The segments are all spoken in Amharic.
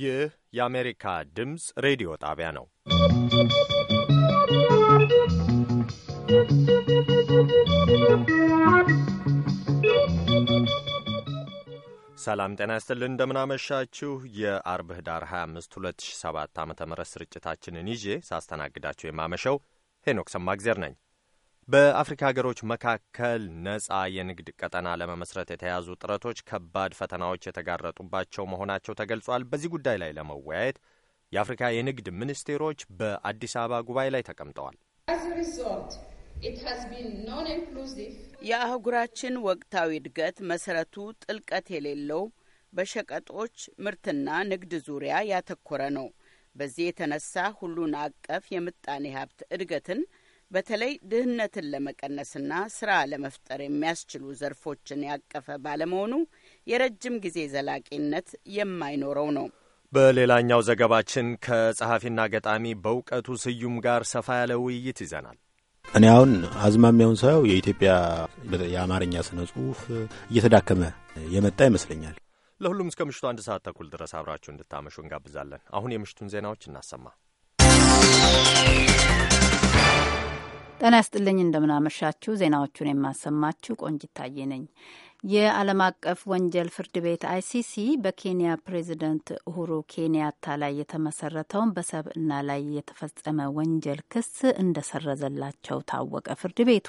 ይህ የአሜሪካ ድምፅ ሬዲዮ ጣቢያ ነው። ሰላም ጤና ይስጥልን። እንደምናመሻችሁ የአርብ ህዳር 25 2007 ዓ ም ስርጭታችንን ይዤ ሳስተናግዳችሁ የማመሸው ሄኖክ ሰማግዜር ነኝ። በአፍሪካ ሀገሮች መካከል ነጻ የንግድ ቀጠና ለመመስረት የተያዙ ጥረቶች ከባድ ፈተናዎች የተጋረጡባቸው መሆናቸው ተገልጿል። በዚህ ጉዳይ ላይ ለመወያየት የአፍሪካ የንግድ ሚኒስቴሮች በአዲስ አበባ ጉባኤ ላይ ተቀምጠዋል። የአህጉራችን ወቅታዊ እድገት መሰረቱ ጥልቀት የሌለው በሸቀጦች ምርትና ንግድ ዙሪያ ያተኮረ ነው። በዚህ የተነሳ ሁሉን አቀፍ የምጣኔ ሀብት እድገትን በተለይ ድህነትን ለመቀነስና ስራ ለመፍጠር የሚያስችሉ ዘርፎችን ያቀፈ ባለመሆኑ የረጅም ጊዜ ዘላቂነት የማይኖረው ነው። በሌላኛው ዘገባችን ከጸሐፊና ገጣሚ በእውቀቱ ስዩም ጋር ሰፋ ያለ ውይይት ይዘናል። እኔ አሁን አዝማሚያውን ሳየው የኢትዮጵያ የአማርኛ ስነ ጽሁፍ እየተዳከመ የመጣ ይመስለኛል። ለሁሉም እስከ ምሽቱ አንድ ሰዓት ተኩል ድረስ አብራችሁ እንድታመሹ እንጋብዛለን። አሁን የምሽቱን ዜናዎች እናሰማ። ጤና ያስጥልኝ እንደምናመሻችሁ። ዜናዎቹን የማሰማችሁ ቆንጂት ታዬ ነኝ። የዓለም አቀፍ ወንጀል ፍርድ ቤት አይሲሲ በኬንያ ፕሬዚደንት ኡሁሩ ኬንያታ ላይ የተመሰረተውን በሰብና ላይ የተፈጸመ ወንጀል ክስ እንደሰረዘላቸው ታወቀ። ፍርድ ቤቱ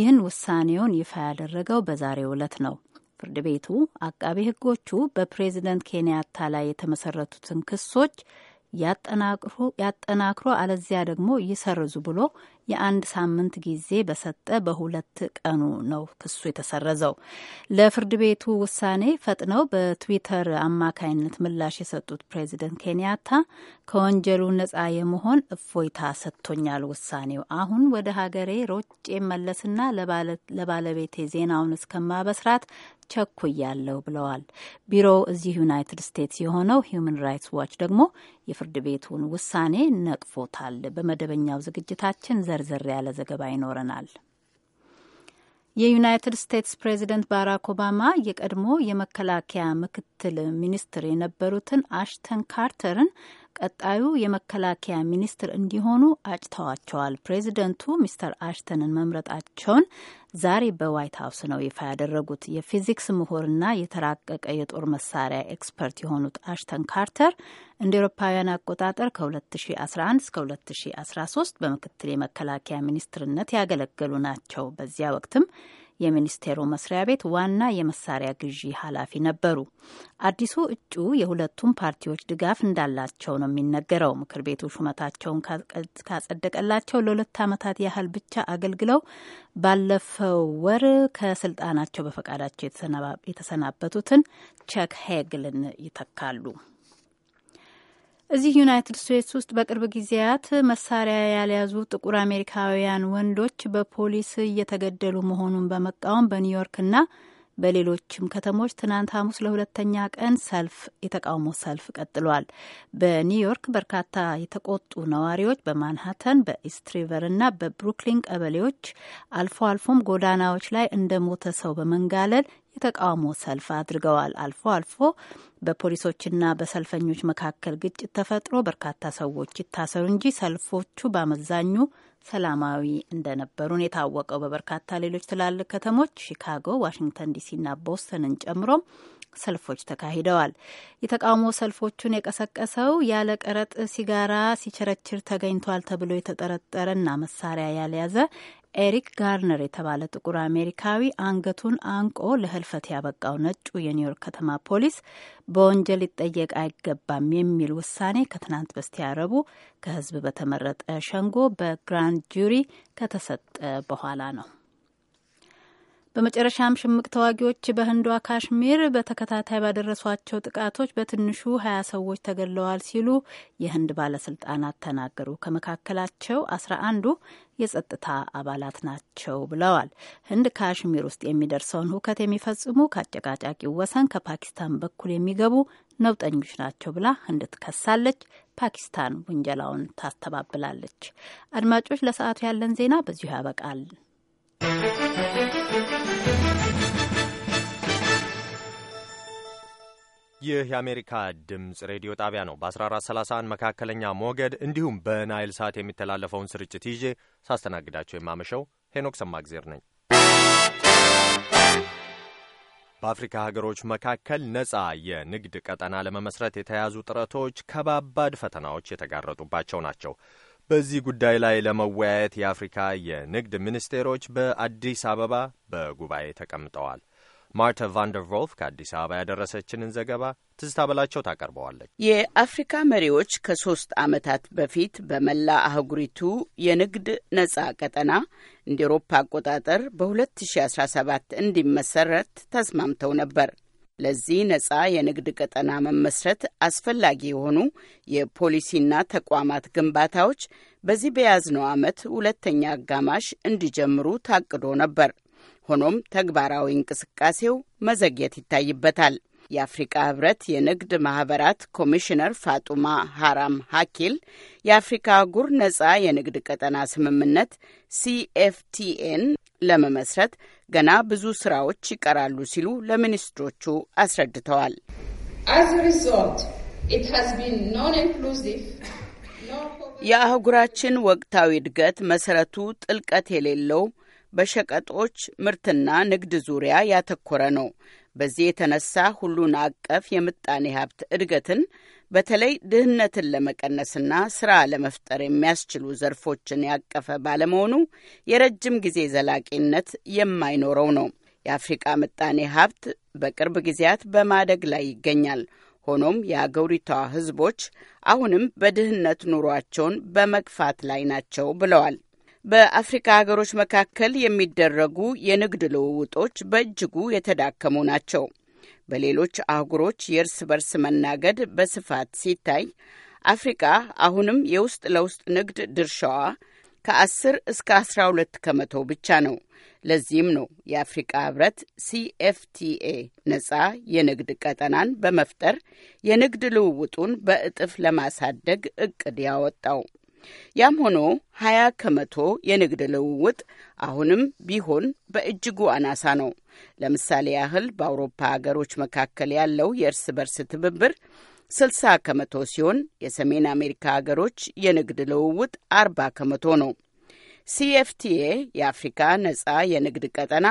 ይህን ውሳኔውን ይፋ ያደረገው በዛሬው ዕለት ነው። ፍርድ ቤቱ አቃቢ ሕጎቹ በፕሬዚደንት ኬንያታ ላይ የተመሰረቱትን ክሶች ያጠናክሮ አለዚያ ደግሞ ይሰርዙ ብሎ የአንድ ሳምንት ጊዜ በሰጠ በሁለት ቀኑ ነው ክሱ የተሰረዘው። ለፍርድ ቤቱ ውሳኔ ፈጥነው በትዊተር አማካይነት ምላሽ የሰጡት ፕሬዚደንት ኬንያታ ከወንጀሉ ነጻ የመሆን እፎይታ ሰጥቶኛል ውሳኔው። አሁን ወደ ሀገሬ ሮጬ መለስና ለባለቤቴ ዜናውን እስከማበስራት ቸኩያለሁ ብለዋል። ቢሮው እዚህ ዩናይትድ ስቴትስ የሆነው ሂዩማን ራይትስ ዋች ደግሞ የፍርድ ቤቱን ውሳኔ ነቅፎታል። በመደበኛው ዝግጅታችን ዘርዘር ያለ ዘገባ ይኖረናል። የዩናይትድ ስቴትስ ፕሬዚደንት ባራክ ኦባማ የቀድሞ የመከላከያ ምክትል ምክትል ሚኒስትር የነበሩትን አሽተን ካርተርን ቀጣዩ የመከላከያ ሚኒስትር እንዲሆኑ አጭተዋቸዋል። ፕሬዚደንቱ ሚስተር አሽተንን መምረጣቸውን ዛሬ በዋይት ሀውስ ነው ይፋ ያደረጉት። የፊዚክስ ምሁርና የተራቀቀ የጦር መሳሪያ ኤክስፐርት የሆኑት አሽተን ካርተር እንደ ኤሮፓውያን አቆጣጠር ከ2011 እስከ 2013 በምክትል የመከላከያ ሚኒስትርነት ያገለገሉ ናቸው። በዚያ ወቅትም የሚኒስቴሩ መስሪያ ቤት ዋና የመሳሪያ ግዢ ኃላፊ ነበሩ። አዲሱ እጩ የሁለቱም ፓርቲዎች ድጋፍ እንዳላቸው ነው የሚነገረው። ምክር ቤቱ ሹመታቸውን ካጸደቀላቸው ለሁለት ዓመታት ያህል ብቻ አገልግለው ባለፈው ወር ከስልጣናቸው በፈቃዳቸው የተሰናበቱትን ቸክ ሄግልን ይተካሉ። እዚህ ዩናይትድ ስቴትስ ውስጥ በቅርብ ጊዜያት መሳሪያ ያልያዙ ጥቁር አሜሪካውያን ወንዶች በፖሊስ እየተገደሉ መሆኑን በመቃወም በኒውዮርክና በሌሎችም ከተሞች ትናንት ሐሙስ ለሁለተኛ ቀን ሰልፍ የተቃውሞ ሰልፍ ቀጥሏል። በኒውዮርክ በርካታ የተቆጡ ነዋሪዎች በማንሃተን በኢስትሪቨር ሪቨርና በብሩክሊን ቀበሌዎች አልፎ አልፎም ጎዳናዎች ላይ እንደ ሞተ ሰው በመንጋለል የተቃውሞ ሰልፍ አድርገዋል። አልፎ አልፎ በፖሊሶችና በሰልፈኞች መካከል ግጭት ተፈጥሮ በርካታ ሰዎች ይታሰሩ እንጂ ሰልፎቹ በአመዛኙ ሰላማዊ እንደነበሩን የታወቀው በበርካታ ሌሎች ትላልቅ ከተሞች ሺካጎ፣ ዋሽንግተን ዲሲና ቦስተንን ጨምሮም ሰልፎች ተካሂደዋል። የተቃውሞ ሰልፎቹን የቀሰቀሰው ያለ ቀረጥ ሲጋራ ሲቸረችር ተገኝቷል ተብሎ የተጠረጠረና መሳሪያ ያልያዘ ኤሪክ ጋርነር የተባለ ጥቁር አሜሪካዊ አንገቱን አንቆ ለህልፈት ያበቃው ነጩ የኒውዮርክ ከተማ ፖሊስ በወንጀል ሊጠየቅ አይገባም የሚል ውሳኔ ከትናንት በስቲያ ረቡዕ ከህዝብ በተመረጠ ሸንጎ በግራንድ ጁሪ ከተሰጠ በኋላ ነው። በመጨረሻም ሽምቅ ተዋጊዎች በህንዷ ካሽሚር በተከታታይ ባደረሷቸው ጥቃቶች በትንሹ ሀያ ሰዎች ተገድለዋል ሲሉ የህንድ ባለስልጣናት ተናገሩ። ከመካከላቸው አስራ አንዱ የጸጥታ አባላት ናቸው ብለዋል። ህንድ ካሽሚር ውስጥ የሚደርሰውን ሁከት የሚፈጽሙ ከአጨቃጫቂው ወሰን ከፓኪስታን በኩል የሚገቡ ነውጠኞች ናቸው ብላ ህንድ ትከሳለች። ፓኪስታን ውንጀላውን ታስተባብላለች። አድማጮች፣ ለሰዓቱ ያለን ዜና በዚሁ ያበቃል። ይህ የአሜሪካ ድምፅ ሬዲዮ ጣቢያ ነው። በ1431 መካከለኛ ሞገድ እንዲሁም በናይል ሳት የሚተላለፈውን ስርጭት ይዤ ሳስተናግዳቸው የማመሸው ሄኖክ ሰማግዜር ነኝ። በአፍሪካ ሀገሮች መካከል ነጻ የንግድ ቀጠና ለመመስረት የተያዙ ጥረቶች ከባባድ ፈተናዎች የተጋረጡባቸው ናቸው። በዚህ ጉዳይ ላይ ለመወያየት የአፍሪካ የንግድ ሚኒስቴሮች በአዲስ አበባ በጉባኤ ተቀምጠዋል። ማርታ ቫንደር ቮልፍ ከአዲስ አበባ ያደረሰችንን ዘገባ ትዝታ በላቸው ታቀርበዋለች። የአፍሪካ መሪዎች ከሶስት ዓመታት በፊት በመላ አህጉሪቱ የንግድ ነጻ ቀጠና እንደ ኤሮፓ አቆጣጠር በ2017 እንዲመሰረት ተስማምተው ነበር። ለዚህ ነጻ የንግድ ቀጠና መመስረት አስፈላጊ የሆኑ የፖሊሲና ተቋማት ግንባታዎች በዚህ በያዝነው ዓመት ሁለተኛ አጋማሽ እንዲጀምሩ ታቅዶ ነበር። ሆኖም ተግባራዊ እንቅስቃሴው መዘግየት ይታይበታል። የአፍሪቃ ህብረት የንግድ ማህበራት ኮሚሽነር ፋጡማ ሃራም ሀኪል የአፍሪካ አህጉር ነጻ የንግድ ቀጠና ስምምነት ሲኤፍቲኤን ለመመስረት ገና ብዙ ስራዎች ይቀራሉ ሲሉ ለሚኒስትሮቹ አስረድተዋል። የአህጉራችን ወቅታዊ እድገት መሰረቱ ጥልቀት የሌለው በሸቀጦች ምርትና ንግድ ዙሪያ ያተኮረ ነው። በዚህ የተነሳ ሁሉን አቀፍ የምጣኔ ሀብት እድገትን በተለይ ድህነትን ለመቀነስና ስራ ለመፍጠር የሚያስችሉ ዘርፎችን ያቀፈ ባለመሆኑ የረጅም ጊዜ ዘላቂነት የማይኖረው ነው። የአፍሪቃ ምጣኔ ሀብት በቅርብ ጊዜያት በማደግ ላይ ይገኛል። ሆኖም የአገሪቷ ህዝቦች አሁንም በድህነት ኑሯቸውን በመግፋት ላይ ናቸው ብለዋል። በአፍሪካ ሀገሮች መካከል የሚደረጉ የንግድ ልውውጦች በእጅጉ የተዳከሙ ናቸው። በሌሎች አህጉሮች የእርስ በርስ መናገድ በስፋት ሲታይ አፍሪካ አሁንም የውስጥ ለውስጥ ንግድ ድርሻዋ ከ10 እስከ 12 ከመቶ ብቻ ነው። ለዚህም ነው የአፍሪቃ ህብረት ሲኤፍቲኤ ነጻ የንግድ ቀጠናን በመፍጠር የንግድ ልውውጡን በእጥፍ ለማሳደግ እቅድ ያወጣው። ያም ሆኖ ሀያ ከመቶ የንግድ ልውውጥ አሁንም ቢሆን በእጅጉ አናሳ ነው። ለምሳሌ ያህል በአውሮፓ ሀገሮች መካከል ያለው የእርስ በርስ ትብብር 60 ከመቶ ሲሆን የሰሜን አሜሪካ ሀገሮች የንግድ ልውውጥ አርባ ከመቶ ነው። ሲኤፍቲኤ የአፍሪካ ነጻ የንግድ ቀጠና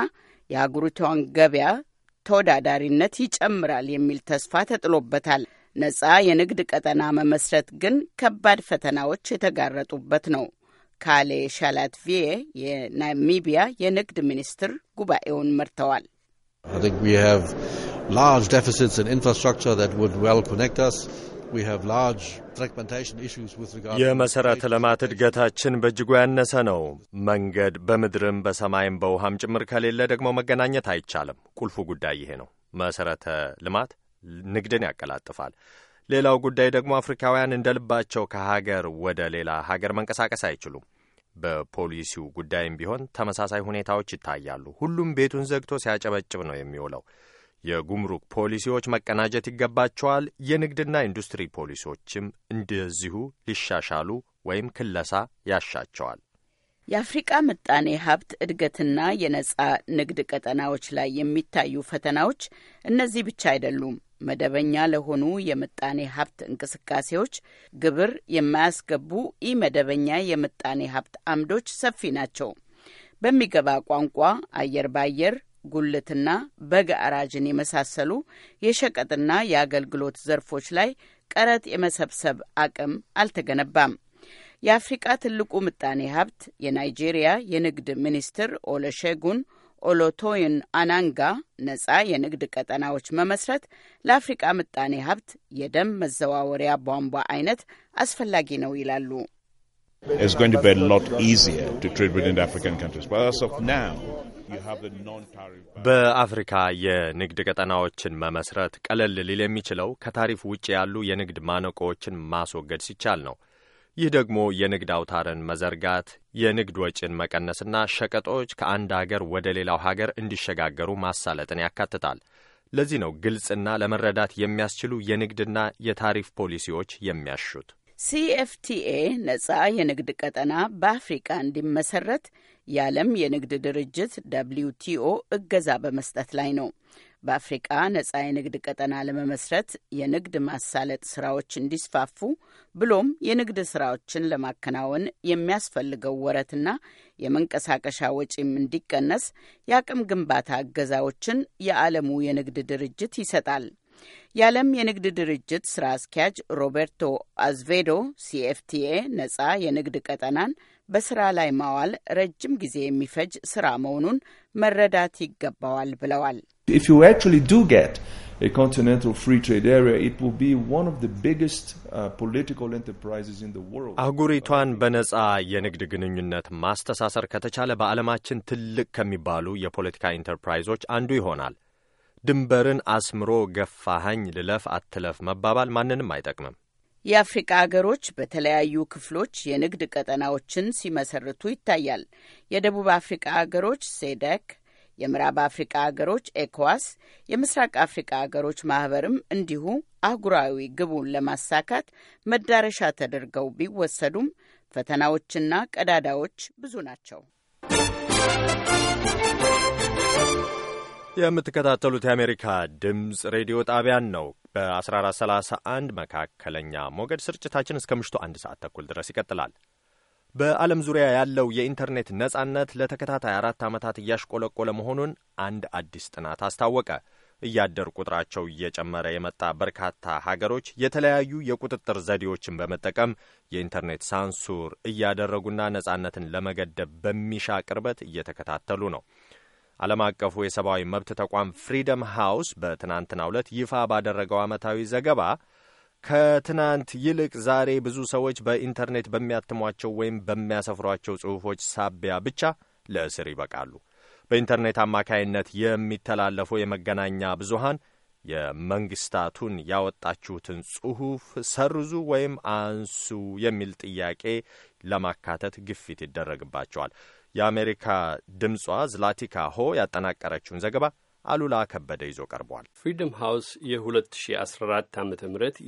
የአህጉሪቷን ገበያ ተወዳዳሪነት ይጨምራል የሚል ተስፋ ተጥሎበታል። ነጻ የንግድ ቀጠና መመስረት ግን ከባድ ፈተናዎች የተጋረጡበት ነው። ካሌ ሻላትቪዬ የናሚቢያ የንግድ ሚኒስትር ጉባኤውን መርተዋል። የመሰረተ ልማት እድገታችን በእጅጉ ያነሰ ነው። መንገድ በምድርም በሰማይም በውሃም ጭምር ከሌለ ደግሞ መገናኘት አይቻልም። ቁልፉ ጉዳይ ይሄ ነው። መሰረተ ልማት ንግድን ያቀላጥፋል። ሌላው ጉዳይ ደግሞ አፍሪካውያን እንደ ልባቸው ከሀገር ወደ ሌላ ሀገር መንቀሳቀስ አይችሉም። በፖሊሲው ጉዳይም ቢሆን ተመሳሳይ ሁኔታዎች ይታያሉ። ሁሉም ቤቱን ዘግቶ ሲያጨበጭብ ነው የሚውለው። የጉምሩክ ፖሊሲዎች መቀናጀት ይገባቸዋል። የንግድና ኢንዱስትሪ ፖሊሲዎችም እንደዚሁ ሊሻሻሉ ወይም ክለሳ ያሻቸዋል። የአፍሪቃ ምጣኔ ሀብት እድገትና የነጻ ንግድ ቀጠናዎች ላይ የሚታዩ ፈተናዎች እነዚህ ብቻ አይደሉም። መደበኛ ለሆኑ የምጣኔ ሀብት እንቅስቃሴዎች ግብር የማያስገቡ ኢ መደበኛ የምጣኔ ሀብት አምዶች ሰፊ ናቸው። በሚገባ ቋንቋ አየር ባየር፣ ጉልትና በግ አራጅን የመሳሰሉ የሸቀጥና የአገልግሎት ዘርፎች ላይ ቀረጥ የመሰብሰብ አቅም አልተገነባም። የአፍሪቃ ትልቁ ምጣኔ ሀብት የናይጄሪያ የንግድ ሚኒስትር ኦለሼጉን ኦሎቶይን አናንጋ ነጻ የንግድ ቀጠናዎች መመስረት ለአፍሪቃ ምጣኔ ሀብት የደም መዘዋወሪያ ቧንቧ አይነት አስፈላጊ ነው ይላሉ። በአፍሪካ የንግድ ቀጠናዎችን መመስረት ቀለል ሊል የሚችለው ከታሪፍ ውጭ ያሉ የንግድ ማነቆዎችን ማስወገድ ሲቻል ነው። ይህ ደግሞ የንግድ አውታርን መዘርጋት፣ የንግድ ወጪን መቀነስና ሸቀጦች ከአንድ አገር ወደ ሌላው ሀገር እንዲሸጋገሩ ማሳለጥን ያካትታል። ለዚህ ነው ግልጽና ለመረዳት የሚያስችሉ የንግድና የታሪፍ ፖሊሲዎች የሚያሹት። ሲኤፍቲኤ ነጻ የንግድ ቀጠና በአፍሪቃ እንዲመሰረት የዓለም የንግድ ድርጅት ደብሊዩ ቲኦ እገዛ በመስጠት ላይ ነው። በአፍሪቃ ነጻ የንግድ ቀጠና ለመመስረት የንግድ ማሳለጥ ስራዎች እንዲስፋፉ ብሎም የንግድ ስራዎችን ለማከናወን የሚያስፈልገው ወረትና የመንቀሳቀሻ ወጪም እንዲቀነስ የአቅም ግንባታ እገዛዎችን የዓለሙ የንግድ ድርጅት ይሰጣል። የዓለም የንግድ ድርጅት ስራ አስኪያጅ ሮቤርቶ አዝቬዶ ሲኤፍቲኤ ነጻ የንግድ ቀጠናን በስራ ላይ ማዋል ረጅም ጊዜ የሚፈጅ ስራ መሆኑን መረዳት ይገባዋል ብለዋል። If you actually do get a continental free trade area, it will be one of the biggest uh, political enterprises in the world. አህጉሪቷን በነጻ የንግድ ግንኙነት ማስተሳሰር ከተቻለ በዓለማችን ትልቅ ከሚባሉ የፖለቲካ ኢንተርፕራይዞች አንዱ ይሆናል። ድንበርን አስምሮ ገፋኸኝ ልለፍ አትለፍ መባባል ማንንም አይጠቅምም። የአፍሪቃ አገሮች በተለያዩ ክፍሎች የንግድ ቀጠናዎችን ሲመሰርቱ ይታያል። የደቡብ አፍሪቃ አገሮች ሴደክ የምዕራብ አፍሪቃ አገሮች ኤኮዋስ፣ የምስራቅ አፍሪቃ አገሮች ማህበርም እንዲሁ አህጉራዊ ግቡን ለማሳካት መዳረሻ ተደርገው ቢወሰዱም ፈተናዎችና ቀዳዳዎች ብዙ ናቸው። የምትከታተሉት የአሜሪካ ድምፅ ሬዲዮ ጣቢያን ነው። በ1431 መካከለኛ ሞገድ ስርጭታችን እስከ ምሽቱ አንድ ሰዓት ተኩል ድረስ ይቀጥላል። በዓለም ዙሪያ ያለው የኢንተርኔት ነጻነት ለተከታታይ አራት ዓመታት እያሽቆለቆለ መሆኑን አንድ አዲስ ጥናት አስታወቀ። እያደር ቁጥራቸው እየጨመረ የመጣ በርካታ ሀገሮች የተለያዩ የቁጥጥር ዘዴዎችን በመጠቀም የኢንተርኔት ሳንሱር እያደረጉና ነጻነትን ለመገደብ በሚሻ ቅርበት እየተከታተሉ ነው። ዓለም አቀፉ የሰብአዊ መብት ተቋም ፍሪደም ሃውስ በትናንትናው ዕለት ይፋ ባደረገው ዓመታዊ ዘገባ ከትናንት ይልቅ ዛሬ ብዙ ሰዎች በኢንተርኔት በሚያትሟቸው ወይም በሚያሰፍሯቸው ጽሑፎች ሳቢያ ብቻ ለእስር ይበቃሉ። በኢንተርኔት አማካይነት የሚተላለፉ የመገናኛ ብዙሃን የመንግስታቱን ያወጣችሁትን ጽሑፍ ሰርዙ ወይም አንሱ የሚል ጥያቄ ለማካተት ግፊት ይደረግባቸዋል። የአሜሪካ ድምጿ ዝላቲካ ሆ ያጠናቀረችውን ዘገባ አሉላ ከበደ ይዞ ቀርቧል። ፍሪደም ሃውስ የ2014 ዓ ም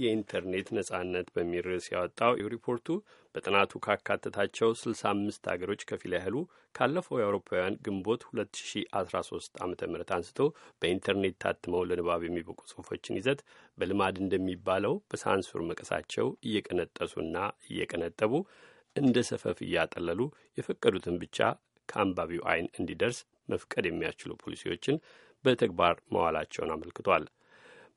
የኢንተርኔት ነጻነት በሚል ርዕስ ያወጣው ሪፖርቱ በጥናቱ ካካተታቸው 65 አገሮች ከፊል ያህሉ ካለፈው የአውሮፓውያን ግንቦት 2013 ዓ ም አንስቶ በኢንተርኔት ታትመው ለንባብ የሚበቁ ጽሁፎችን ይዘት በልማድ እንደሚባለው በሳንሱር መቀሳቸው እየቀነጠሱና እየቀነጠቡ እንደ ሰፈፍ እያጠለሉ የፈቀዱትን ብቻ ከአንባቢው አይን እንዲደርስ መፍቀድ የሚያስችሉ ፖሊሲዎችን በተግባር መዋላቸውን አመልክቷል።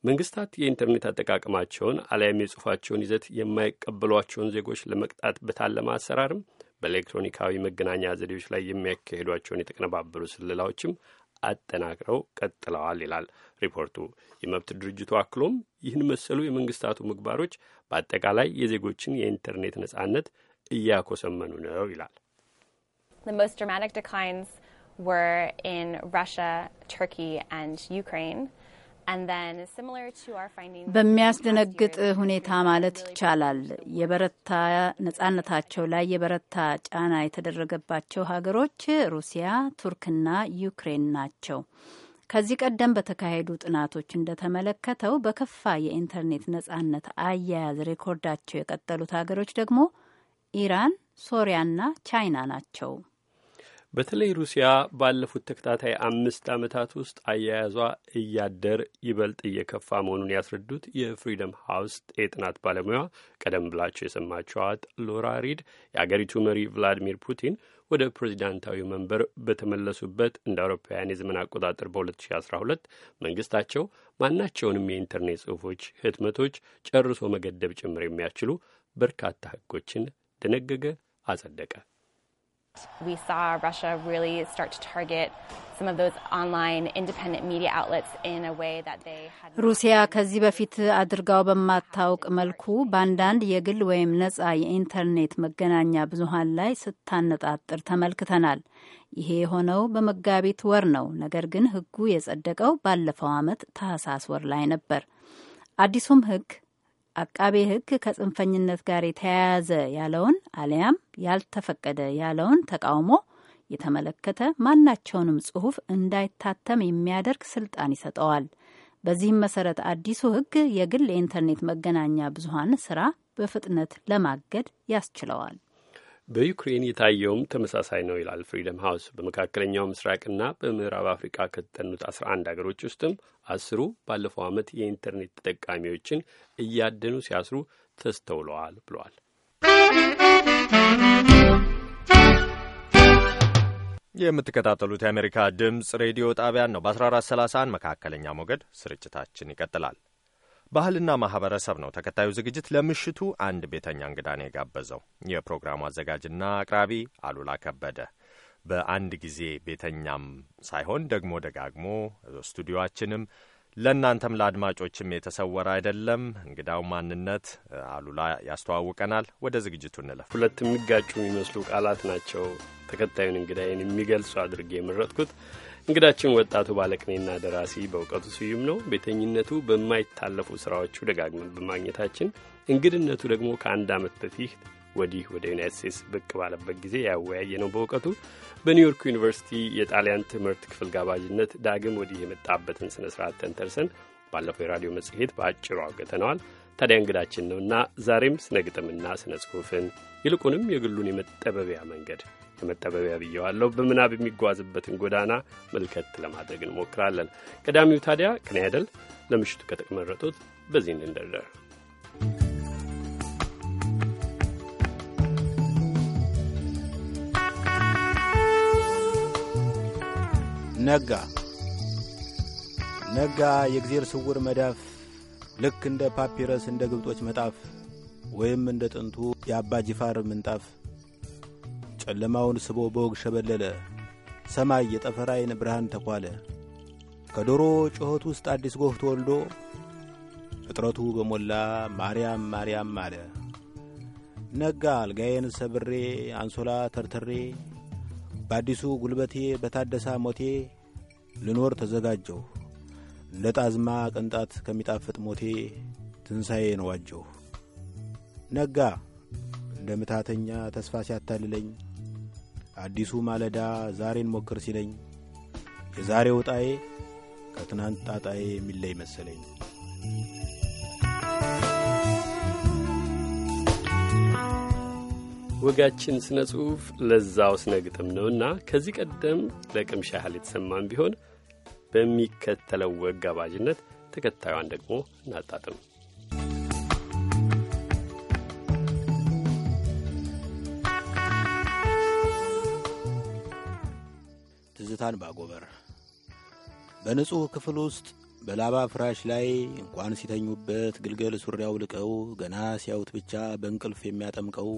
መንግስታት የኢንተርኔት አጠቃቀማቸውን አሊያም የጽሑፋቸውን ይዘት የማይቀበሏቸውን ዜጎች ለመቅጣት በታለመ አሰራርም በኤሌክትሮኒካዊ መገናኛ ዘዴዎች ላይ የሚያካሂዷቸውን የተቀነባበሩ ስልላዎችም አጠናክረው ቀጥለዋል ይላል ሪፖርቱ። የመብት ድርጅቱ አክሎም ይህን መሰሉ የመንግስታቱ ምግባሮች በአጠቃላይ የዜጎችን የኢንተርኔት ነጻነት እያኮሰመኑ ነው ይላል። were in Russia, Turkey, and Ukraine. በሚያስደነግጥ ሁኔታ ማለት ይቻላል የበረታ ነጻነታቸው ላይ የበረታ ጫና የተደረገባቸው ሀገሮች ሩሲያ፣ ቱርክና ዩክሬን ናቸው። ከዚህ ቀደም በተካሄዱ ጥናቶች እንደተመለከተው በከፋ የኢንተርኔት ነጻነት አያያዝ ሬኮርዳቸው የቀጠሉት ሀገሮች ደግሞ ኢራን፣ ሶሪያና ቻይና ናቸው። በተለይ ሩሲያ ባለፉት ተከታታይ አምስት ዓመታት ውስጥ አያያዟ እያደር ይበልጥ እየከፋ መሆኑን ያስረዱት የፍሪደም ሃውስ የጥናት ባለሙያ ቀደም ብላቸው የሰማችኋት ሎራ ሪድ የአገሪቱ መሪ ቭላዲሚር ፑቲን ወደ ፕሬዚዳንታዊ መንበር በተመለሱበት እንደ አውሮፓውያን የዘመን አቆጣጠር በ2012 መንግስታቸው ማናቸውንም የኢንተርኔት ጽሁፎች ህትመቶች ጨርሶ መገደብ ጭምር የሚያስችሉ በርካታ ህጎችን ደነገገ፣ አጸደቀ። We saw Russia really start to target ሩሲያ ከዚህ በፊት አድርጋው በማታውቅ መልኩ በአንዳንድ የግል ወይም ነጻ የኢንተርኔት መገናኛ ብዙኃን ላይ ስታነጣጥር ተመልክተናል። ይሄ የሆነው በመጋቢት ወር ነው። ነገር ግን ሕጉ የጸደቀው ባለፈው ዓመት ታህሳስ ወር ላይ ነበር። አዲሱም ሕግ አቃቤ ሕግ ከጽንፈኝነት ጋር የተያያዘ ያለውን አሊያም ያልተፈቀደ ያለውን ተቃውሞ የተመለከተ ማናቸውንም ጽሁፍ እንዳይታተም የሚያደርግ ስልጣን ይሰጠዋል። በዚህም መሰረት አዲሱ ሕግ የግል የኢንተርኔት መገናኛ ብዙሀን ስራ በፍጥነት ለማገድ ያስችለዋል። በዩክሬን የታየውም ተመሳሳይ ነው ይላል ፍሪደም ሀውስ። በመካከለኛው ምስራቅና በምዕራብ አፍሪካ ከተጠኑት አስራ አንድ አገሮች ውስጥም አስሩ ባለፈው ዓመት የኢንተርኔት ተጠቃሚዎችን እያደኑ ሲያስሩ ተስተውለዋል ብሏል። የምትከታተሉት የአሜሪካ ድምፅ ሬዲዮ ጣቢያን ነው። በ1431 መካከለኛ ሞገድ ስርጭታችን ይቀጥላል። ባህልና ማህበረሰብ ነው ተከታዩ ዝግጅት። ለምሽቱ አንድ ቤተኛ እንግዳ ነው የጋበዘው። የፕሮግራሙ አዘጋጅና አቅራቢ አሉላ ከበደ በአንድ ጊዜ ቤተኛም ሳይሆን ደግሞ ደጋግሞ ስቱዲዮችንም ለእናንተም ለአድማጮችም የተሰወረ አይደለም። እንግዳው ማንነት አሉላ ያስተዋውቀናል። ወደ ዝግጅቱ እንለፍ። ሁለት የሚጋጩ የሚመስሉ ቃላት ናቸው ተከታዩን እንግዳዬን የሚገልጹ አድርጌ የመረጥኩት። እንግዳችን ወጣቱ ባለቅኔና ደራሲ በእውቀቱ ስዩም ነው። ቤተኝነቱ በማይታለፉ ስራዎቹ ደጋግመን በማግኘታችን እንግድነቱ ደግሞ ከአንድ ዓመት በፊት ወዲህ ወደ ዩናይት ስቴትስ ብቅ ባለበት ጊዜ ያወያየ ነው። በእውቀቱ በኒውዮርክ ዩኒቨርሲቲ የጣሊያን ትምህርት ክፍል ጋባዥነት ዳግም ወዲህ የመጣበትን ስነ ስርዓት ተንተርሰን ባለፈው የራዲዮ መጽሔት በአጭሩ አውገተነዋል። ታዲያ እንግዳችን ነውና ዛሬም ስነ ግጥምና ስነ ጽሑፍን ይልቁንም የግሉን የመጠበቢያ መንገድ መጠበቢያ ብየዋለሁ። በምናብ የሚጓዝበትን ጎዳና መልከት ለማድረግ እንሞክራለን። ቀዳሚው ታዲያ ቅኔ አይደል? ለምሽቱ ከተመረጡት በዚህ እንንደርደር። ነጋ ነጋ የእግዜር ስውር መዳፍ ልክ እንደ ፓፒረስ እንደ ግብጦች መጣፍ ወይም እንደ ጥንቱ የአባ ጅፋር ምንጣፍ ጨለማውን ስቦ በወግ ሸበለለ። ሰማይ የጠፈር ዓይን ብርሃን ተኳለ። ከዶሮ ጩኸት ውስጥ አዲስ ጎህ ተወልዶ ፍጥረቱ በሞላ ማርያም ማርያም አለ። ነጋ አልጋዬን ሰብሬ አንሶላ ተርተሬ በአዲሱ ጉልበቴ በታደሳ ሞቴ ልኖር ተዘጋጀሁ። እንደ ጣዝማ ቅንጣት ከሚጣፍጥ ሞቴ ትንሣኤን ነዋጀሁ ነጋ እንደ ምታተኛ ተስፋ ሲያታልለኝ አዲሱ ማለዳ ዛሬን ሞክር ሲለኝ የዛሬው ጣዬ ከትናንት ጣጣዬ የሚለይ መሰለኝ። ወጋችን ስነ ጽሁፍ ለዛው ስነ ግጥም ነውና ከዚህ ቀደም ለቅምሻ ያህል የተሰማም ቢሆን በሚከተለው ወግ አባዥነት ተከታዩን ደግሞ እናጣጥም። ገጽታን ባጎበር በንጹሕ ክፍል ውስጥ በላባ ፍራሽ ላይ እንኳን ሲተኙበት ግልገል ሱሪ አውልቀው ገና ሲያዩት ብቻ በእንቅልፍ የሚያጠምቀው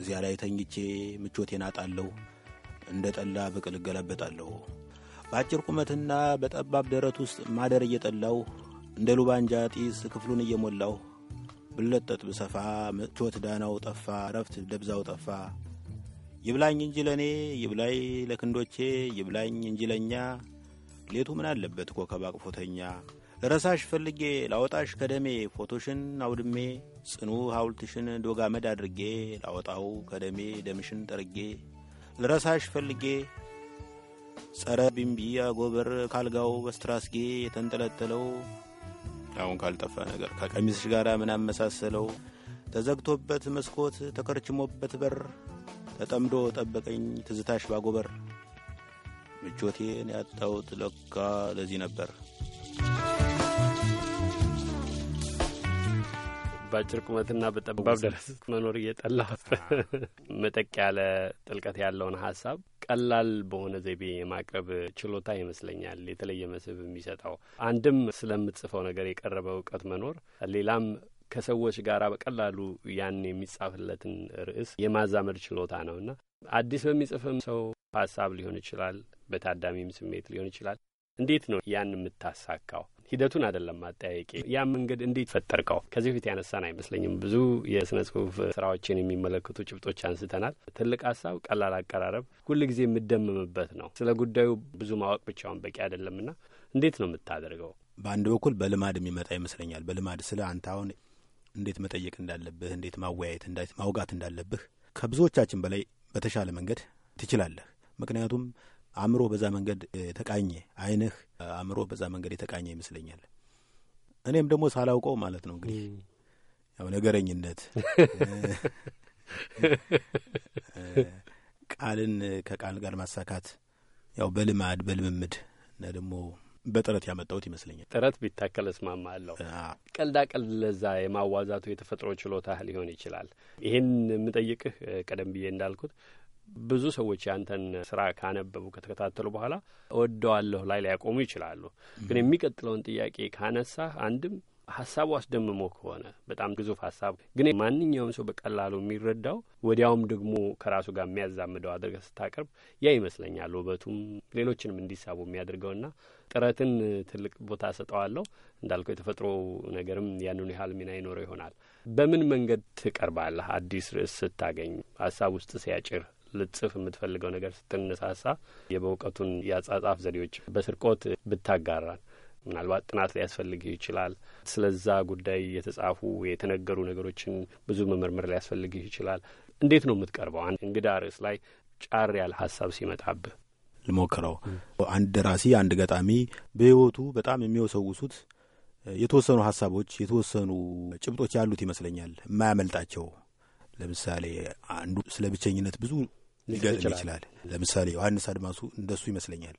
እዚያ ላይ ተኝቼ ምቾቴን አጣለሁ። እንደ ጠላ ብቅል እገለበጣለሁ። በአጭር ቁመትና በጠባብ ደረት ውስጥ ማደር እየጠላሁ እንደ ሉባንጃ ጢስ ክፍሉን እየሞላሁ ብለጠጥ ብሰፋ ምቾት ዳናው ጠፋ፣ እረፍት ደብዛው ጠፋ። ይብላኝ እንጂ ለእኔ ይብላይ ለክንዶቼ ይብላኝ እንጂ ለእኛ ሌቱ ምን አለበት ኮከብ አቅፎተኛ ረሳሽ ፈልጌ ላወጣሽ ከደሜ ፎቶሽን አውድሜ ጽኑ ሐውልትሽን ዶጋመድ አድርጌ ላወጣው ከደሜ ደምሽን ጠርጌ ልረሳሽ ፈልጌ ጸረ ቢምቢ አጎበር ካልጋው በስትራስጌ የተንጠለጠለው አሁን ካልጠፋ ነገር ከቀሚስሽ ጋር ምን አመሳሰለው ተዘግቶበት መስኮት ተከርችሞበት በር ተጠምዶ ጠበቀኝ ትዝታሽ ባጎበር ምቾቴን ያጣሁት ለካ ለዚህ ነበር። በአጭር ቁመትና በጠባብ ደረስ መኖር እየጠላ መጠቅ ያለ ጥልቀት ያለውን ሀሳብ ቀላል በሆነ ዘይቤ የማቅረብ ችሎታ ይመስለኛል የተለየ መስህብ የሚሰጠው። አንድም ስለምትጽፈው ነገር የቀረበ እውቀት መኖር፣ ሌላም ከሰዎች ጋር በቀላሉ ያን የሚጻፍለትን ርዕስ የማዛመድ ችሎታ እና አዲስ በሚጽፍም ሰው ሀሳብ ሊሆን ይችላል፣ በታዳሚም ስሜት ሊሆን ይችላል። እንዴት ነው ያን የምታሳካው? ሂደቱን አይደለም ማጠያየቄ። ያ መንገድ እንዴት ፈጠርከው? ከዚህ በፊት ያነሳን አይመስለኝም። ብዙ የስነ ጽሁፍ ስራዎችን የሚመለከቱ ጭብጦች አንስተናል። ትልቅ ሀሳብ፣ ቀላል አቀራረብ ጊዜ የምደምምበት ነው። ስለ ጉዳዩ ብዙ ማወቅ ብቻውን በቂ አይደለምና እንዴት ነው የምታደርገው? በአንድ በኩል በልማድ የሚመጣ ይመስለኛል። በልማድ ስለ አንተ አሁን እንዴት መጠየቅ እንዳለብህ፣ እንዴት ማወያየት፣ እንዴት ማውጋት እንዳለብህ ከብዙዎቻችን በላይ በተሻለ መንገድ ትችላለህ። ምክንያቱም አእምሮ በዛ መንገድ የተቃኘ አይንህ አእምሮ በዛ መንገድ የተቃኘ ይመስለኛል። እኔም ደግሞ ሳላውቀው ማለት ነው እንግዲህ ያው ነገረኝነት ቃልን ከቃል ጋር ማሳካት ያው በልማድ በልምምድ እና ደግሞ በጥረት ያመጣሁት ይመስለኛል። ጥረት ቢታከል እስማማለሁ። ቀልዳ ቀልድ ለዛ የማዋዛቱ የተፈጥሮ ችሎታ ሊሆን ይችላል። ይህን የምጠይቅህ ቀደም ብዬ እንዳልኩት ብዙ ሰዎች ያንተን ስራ ካነበቡ ከተከታተሉ በኋላ እወደዋለሁ ላይ ሊያቆሙ ይችላሉ። ግን የሚቀጥለውን ጥያቄ ካነሳህ አንድም ሀሳቡ አስደምሞ ከሆነ በጣም ግዙፍ ሀሳብ ግን ማንኛውም ሰው በቀላሉ የሚረዳው ወዲያውም ደግሞ ከራሱ ጋር የሚያዛምደው አድርገህ ስታቀርብ ያ ይመስለኛል ውበቱም ሌሎችንም እንዲሳቡ የሚያደርገውና ጥረትን ትልቅ ቦታ ሰጠዋለሁ። እንዳልከው የተፈጥሮ ነገርም ያንን ያህል ሚና ይኖረው ይሆናል። በምን መንገድ ትቀርባለህ? አዲስ ርዕስ ስታገኝ፣ ሀሳብ ውስጥ ሲያጭር፣ ልጽፍ የምትፈልገው ነገር ስትነሳሳ፣ የበውቀቱን የአጻጻፍ ዘዴዎች በስርቆት ብታጋራል ምናልባት ጥናት ሊያስፈልግ ይችላል። ስለዛ ጉዳይ የተጻፉ የተነገሩ ነገሮችን ብዙ መመርመር ሊያስፈልግህ ይችላል። እንዴት ነው የምትቀርበው? እንግዳ ርዕስ ላይ ጫር ያለ ሀሳብ ሲመጣብህ ልሞክረው። አንድ ደራሲ፣ አንድ ገጣሚ በህይወቱ በጣም የሚወሰውሱት የተወሰኑ ሀሳቦች፣ የተወሰኑ ጭብጦች ያሉት ይመስለኛል የማያመልጣቸው። ለምሳሌ አንዱ ስለ ብቸኝነት ብዙ ሊገልጽ ይችላል። ለምሳሌ ዮሐንስ አድማሱ እንደሱ ይመስለኛል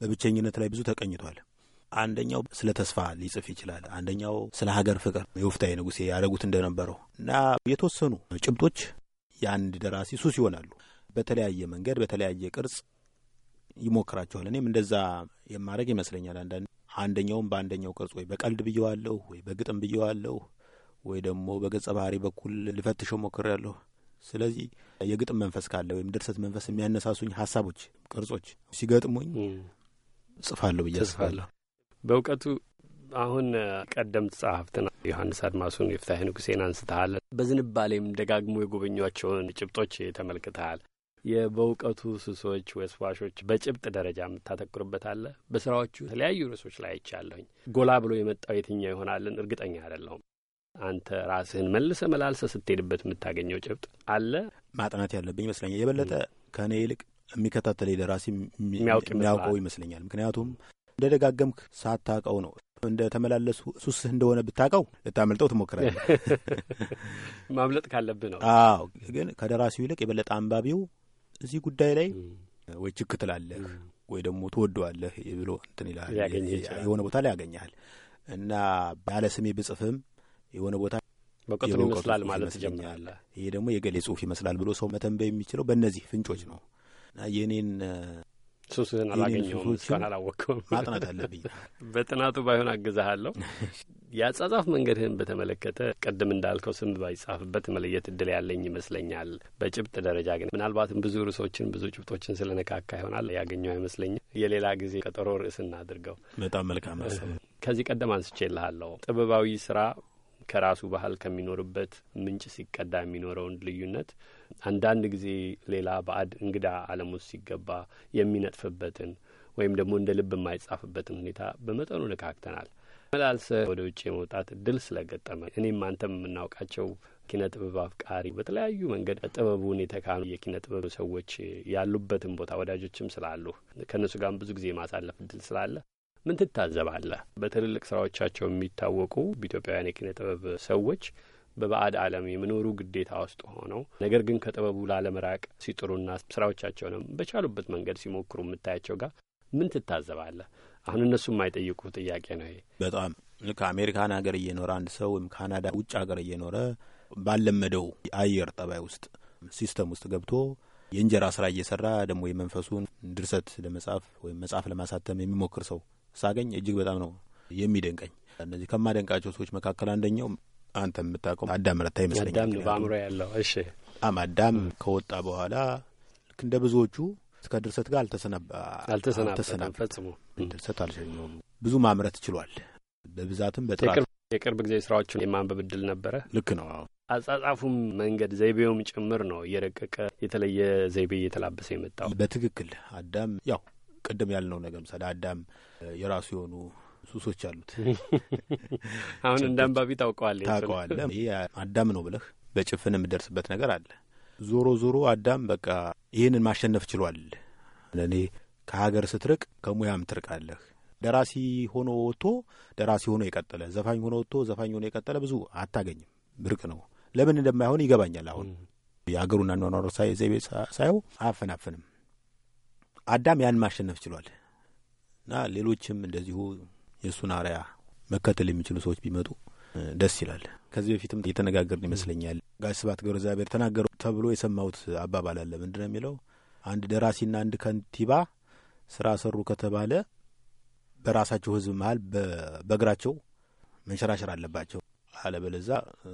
በብቸኝነት ላይ ብዙ ተቀኝቷል። አንደኛው ስለ ተስፋ ሊጽፍ ይችላል። አንደኛው ስለ ሀገር ፍቅር የወፍታዊ ንጉሴ ያደረጉት እንደነበረው እና የተወሰኑ ጭብጦች የአንድ ደራሲ ሱስ ይሆናሉ። በተለያየ መንገድ በተለያየ ቅርጽ ይሞክራቸዋል። እኔም እንደዛ የማድረግ ይመስለኛል። አንዳንድ አንደኛውም በአንደኛው ቅርጽ ወይ በቀልድ ብየዋለሁ ወይ በግጥም ብየዋለሁ ወይ ደግሞ በገጸ ባህሪ በኩል ልፈትሸው ያለሁ ስለዚህ የግጥም መንፈስ ካለ ወይም ድርሰት መንፈስ የሚያነሳሱኝ ሀሳቦች፣ ቅርጾች ሲገጥሙኝ ጽፋለሁ ብዬ ጽፋለሁ። በእውቀቱ አሁን ቀደምት ጸሐፍትን ዮሐንስ አድማሱን፣ የፍታሄ ንጉሴን አንስተሃል። በዝንባሌም ደጋግሞ የጎበኟቸውን ጭብጦች ተመልክተሃል። የበእውቀቱ ስሶች ወስዋሾች በጭብጥ ደረጃ የምታተኩርበት አለ። በስራዎቹ የተለያዩ ርዕሶች ላይ አይቻለሁኝ። ጎላ ብሎ የመጣው የትኛው ይሆናልን እርግጠኛ አይደለሁም። አንተ ራስህን መልሰ መላልሰ ስትሄድበት የምታገኘው ጭብጥ አለ። ማጥናት ያለብኝ ይመስለኛል። የበለጠ ከእኔ ይልቅ የሚከታተል ደራሲ የሚያውቀው ይመስለኛል። ምክንያቱም እንደ ደጋገምክ ሳታውቀው ነው እንደ ተመላለሱ ሱስህ እንደሆነ ብታውቀው ልታመልጠው ትሞክራለህ። ማምለጥ ካለብህ ነው። አዎ፣ ግን ከደራሲው ይልቅ የበለጠ አንባቢው እዚህ ጉዳይ ላይ ወይ ችክ ትላለህ ወይ ደግሞ ትወደዋለህ ብሎ እንትን ይልሃል። የሆነ ቦታ ላይ ያገኘሃል እና ባለ ስሜ ብጽፍም የሆነ ቦታ በቀጥሉ ይመስላል ማለት ይጀምራል። ይሄ ደግሞ የገሌ ጽሁፍ ይመስላል ብሎ ሰው መተንበይ የሚችለው በእነዚህ ፍንጮች ነው እና የእኔን ሱስህን አላገኘሁም። እሷን ማጥናት አለብኝ። በጥናቱ ባይሆን አግዛሃለሁ። የአጻጻፍ መንገድህን በተመለከተ ቅድም እንዳልከው ስም ባይጻፍበት መለየት እድል ያለኝ ይመስለኛል። በጭብጥ ደረጃ ግን ምናልባትም ብዙ ርዕሶችን ብዙ ጭብጦችን ስለነካካ ይሆናል ያገኘው አይመስለኝም። የሌላ ጊዜ ቀጠሮ ርዕስ እናድርገው። በጣም መልካም ሀሳብ። ከዚህ ቀደም አንስቼልሃለሁ ጥበባዊ ስራ ከራሱ ባህል ከሚኖርበት ምንጭ ሲቀዳ የሚኖረውን ልዩነት አንዳንድ ጊዜ ሌላ ባዕድ እንግዳ ዓለም ውስጥ ሲገባ የሚነጥፍበትን ወይም ደግሞ እንደ ልብ የማይጻፍበትን ሁኔታ በመጠኑ ነካክተናል። መላልሰ ወደ ውጭ የመውጣት እድል ስለገጠመ እኔም አንተም የምናውቃቸው ኪነ ጥበብ አፍቃሪ በተለያዩ መንገድ ጥበቡን የተካኑ የኪነ ጥበብ ሰዎች ያሉበትን ቦታ ወዳጆችም ስላሉ ከእነሱ ጋርም ብዙ ጊዜ የማሳለፍ እድል ስላለ ምን ትታዘባለህ? በትልልቅ ስራዎቻቸው የሚታወቁ በኢትዮጵያውያን የኪነ ጥበብ ሰዎች በባዕድ ዓለም የመኖሩ ግዴታ ውስጥ ሆነው ነገር ግን ከጥበቡ ላለመራቅ ሲጥሩና ስራዎቻቸውንም በቻሉበት መንገድ ሲሞክሩ የምታያቸው ጋር ምን ትታዘባለህ? አሁን እነሱ የማይጠይቁ ጥያቄ ነው ይሄ። በጣም አሜሪካን ሀገር እየኖረ አንድ ሰው ወይም ካናዳ ውጭ ሀገር እየኖረ ባለመደው የአየር ጠባይ ውስጥ ሲስተም ውስጥ ገብቶ የእንጀራ ስራ እየሰራ ደግሞ የመንፈሱን ድርሰት ለመጻፍ ወይም መጽሐፍ ለማሳተም የሚሞክር ሰው ሳገኝ እጅግ በጣም ነው የሚደንቀኝ። እነዚህ ከማደንቃቸው ሰዎች መካከል አንደኛው አንተ የምታውቀው አዳም ረታ ይመስለኛል። በአእምሮ ያለው። እሺ አዳም ከወጣ በኋላ ልክ እንደ ብዙዎቹ እስከ ድርሰት ጋር አልተሰናበተም ፈጽሞ። ድርሰት አልሸኘውም። ብዙ ማምረት ችሏል። በብዛትም በጥራት የቅርብ ጊዜ ስራዎችን የማንበብ እድል ነበረ። ልክ ነው። አጻጻፉም መንገድ ዘይቤውም ጭምር ነው እየረቀቀ የተለየ ዘይቤ እየተላበሰ የመጣው። በትክክል አዳም ያው ቅድም ያልነው ነገር ምሳሌ አዳም የራሱ የሆኑ ሱሶች አሉት። አሁን እንደ አንባቢ ታውቀዋለ። ይህ አዳም ነው ብለህ በጭፍን የምደርስበት ነገር አለ። ዞሮ ዞሮ አዳም በቃ ይህንን ማሸነፍ ችሏል። እኔ ከሀገር ስትርቅ ከሙያም ትርቃለህ። ደራሲ ሆኖ ወጥቶ ደራሲ ሆኖ የቀጠለ ዘፋኝ ሆኖ ወጥቶ ዘፋኝ ሆኖ የቀጠለ ብዙ አታገኝም። ብርቅ ነው። ለምን እንደማይሆን ይገባኛል። አሁን የሀገሩና ኗኗሮ ዘይቤ ሳየው አያፈናፍንም። አዳም ያን ማሸነፍ ችሏል እና ሌሎችም እንደዚሁ የእሱን አርያ መከተል የሚችሉ ሰዎች ቢመጡ ደስ ይላል። ከዚህ በፊትም እየተነጋገርን ይመስለኛል። ጋሽ ስብሐት ገብረ እግዚአብሔር ተናገሩ ተብሎ የሰማሁት አባባል አለ። ምንድን ነው የሚለው? አንድ ደራሲና አንድ ከንቲባ ስራ ሰሩ ከተባለ በራሳቸው ህዝብ መሀል በእግራቸው መንሸራሸር አለባቸው፣ አለበለዛ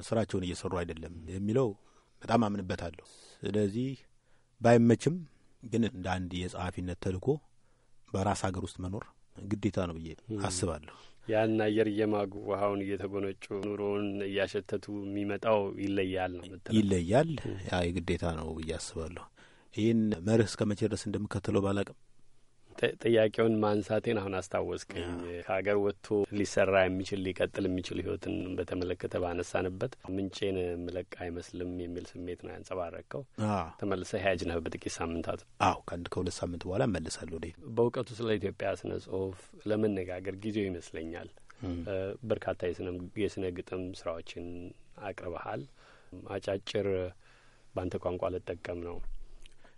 ስራቸውን እየሰሩ አይደለም የሚለው በጣም አምንበታለሁ። ስለዚህ ባይመችም ግን እንደ አንድ የጸሐፊነት ተልእኮ በራስ ሀገር ውስጥ መኖር ግዴታ ነው ብዬ አስባለሁ። ያን አየር እየማጉ ውሀውን እየተጎነጩ ኑሮውን እያሸተቱ የሚመጣው ይለያል ነው ይለያል። ያ የግዴታ ነው ብዬ አስባለሁ። ይህን መርህ እስከ መቼ ድረስ እንደምከተለው ባላቅም ጥያቄውን ማንሳቴን አሁን አስታወስከኝ። ከሀገር ወጥቶ ሊሰራ የሚችል ሊቀጥል የሚችል ህይወትን በተመለከተ ባነሳንበት ምንጬን ምለቅ አይመስልም የሚል ስሜት ነው ያንጸባረቀው። ተመልሰ ሂያጅ ነህ በጥቂት ሳምንታት? አዎ ከአንድ ከሁለት ሳምንት በኋላ እመልሳለሁ። ዴ በእውቀቱ ስለ ኢትዮጵያ ስነ ጽሁፍ ለመነጋገር ጊዜው ይመስለኛል። በርካታ የስነ ግጥም ስራዎችን አቅርበሃል። አጫጭር በአንተ ቋንቋ ልጠቀም ነው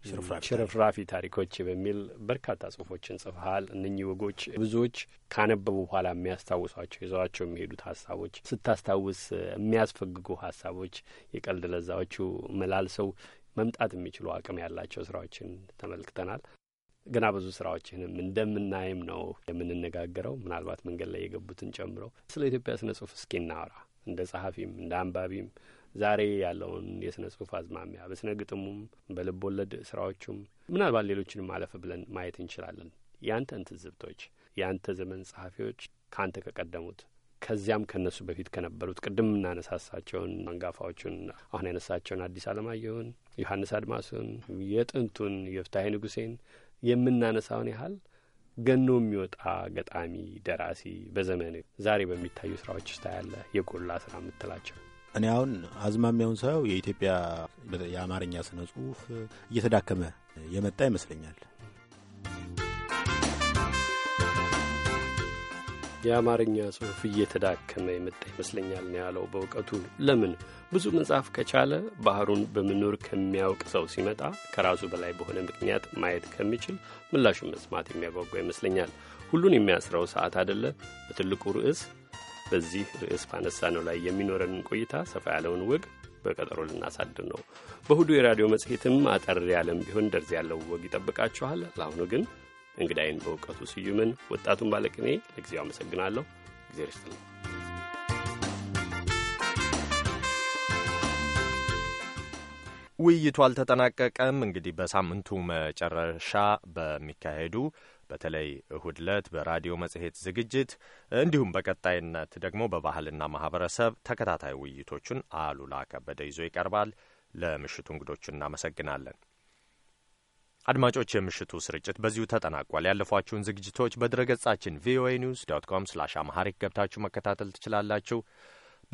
ሽርፍራፊ ታሪኮች በሚል በርካታ ጽሁፎችን ጽፈሃል። እነኚህ ወጎች ብዙዎች ካነበቡ በኋላ የሚያስታውሷቸው ይዘዋቸው የሚሄዱት ሀሳቦች ስታስታውስ የሚያስፈግጉ ሀሳቦች የቀልድ ለዛዎቹ መላልሰው መምጣት የሚችሉ አቅም ያላቸው ስራዎችን ተመልክተናል። ገና ብዙ ስራዎችንም እንደምናይም ነው የምንነጋገረው፣ ምናልባት መንገድ ላይ የገቡትን ጨምሮ። ስለ ኢትዮጵያ ስነ ጽሁፍ እስኪ እናወራ እንደ ጸሐፊም እንደ አንባቢም ዛሬ ያለውን የስነ ጽሁፍ አዝማሚያ በስነ ግጥሙም በልብ ወለድ ስራዎቹም ምናልባት ሌሎችንም አለፍ ብለን ማየት እንችላለን። ያንተን ትዝብቶች ያንተ ዘመን ጸሐፊዎች ከአንተ ከቀደሙት ከዚያም ከእነሱ በፊት ከነበሩት ቅድም እናነሳሳቸውን አንጋፋዎቹን አሁን ያነሳቸውን አዲስ አለማየሁን፣ ዮሐንስ አድማሱን፣ የጥንቱን የፍትሐ ንጉሴን የምናነሳውን ያህል ገኖ የሚወጣ ገጣሚ፣ ደራሲ በዘመን ዛሬ በሚታዩ ስራዎች ውስጥ ያለ የጎላ ስራ የምትላቸው እኔ አሁን አዝማሚያውን ሳየው የኢትዮጵያ የአማርኛ ስነ ጽሁፍ እየተዳከመ የመጣ ይመስለኛል። የአማርኛ ጽሁፍ እየተዳከመ የመጣ ይመስለኛል ነው ያለው። በእውቀቱ ለምን ብዙ መጽሐፍ ከቻለ ባህሩን በመኖር ከሚያውቅ ሰው ሲመጣ ከራሱ በላይ በሆነ ምክንያት ማየት ከሚችል ምላሹን መስማት የሚያጓጓ ይመስለኛል። ሁሉን የሚያስረው ሰዓት አደለ። በትልቁ ርዕስ በዚህ ርዕስ ባነሳ ነው ላይ የሚኖረንን ቆይታ ሰፋ ያለውን ወግ በቀጠሮ ልናሳድር ነው። በእሁዱ የራዲዮ መጽሔትም አጠር ያለም ቢሆን ደርዝ ያለው ወግ ይጠብቃችኋል። ለአሁኑ ግን እንግዳይን በእውቀቱ ስዩምን፣ ወጣቱን ባለቅኔ ለጊዜው አመሰግናለሁ። ጊዜ ርስትልኝ ውይይቱ አልተጠናቀቀም። እንግዲህ በሳምንቱ መጨረሻ በሚካሄዱ በተለይ እሁድ ለት በራዲዮ መጽሔት ዝግጅት እንዲሁም በቀጣይነት ደግሞ በባህልና ማህበረሰብ ተከታታይ ውይይቶቹን አሉላ ከበደ ይዞ ይቀርባል። ለምሽቱ እንግዶቹ እናመሰግናለን። አድማጮች፣ የምሽቱ ስርጭት በዚሁ ተጠናቋል። ያለፏችሁን ዝግጅቶች በድረገጻችን ቪኦኤ ኒውስ ዶት ኮም ስላሽ አማሐሪክ ገብታችሁ መከታተል ትችላላችሁ።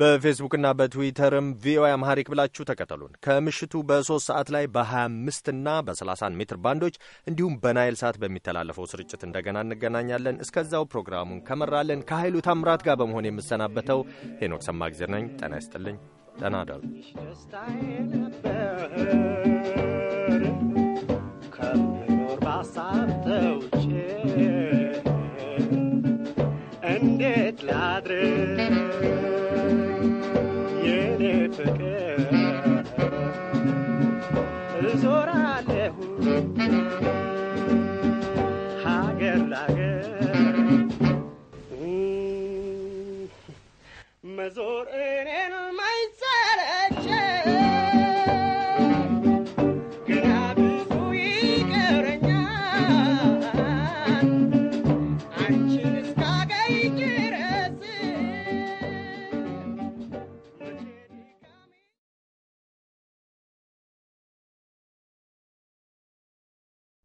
በፌስቡክና በትዊተርም ቪኦኤ አምሃሪክ ብላችሁ ተከተሉን። ከምሽቱ በሶስት ሰዓት ላይ በ25 እና በ31 ሜትር ባንዶች እንዲሁም በናይል ሳት በሚተላለፈው ስርጭት እንደገና እንገናኛለን። እስከዛው ፕሮግራሙን ከመራለን ከኃይሉ ታምራት ጋር በመሆን የምሰናበተው ሄኖክ ሰማግዜር ነኝ። ጤና ይስጥልኝ። ጤና ደሩ ከምኖር እንዴ ፍቅር እዞራለሁ ሀገር ላገር መዞር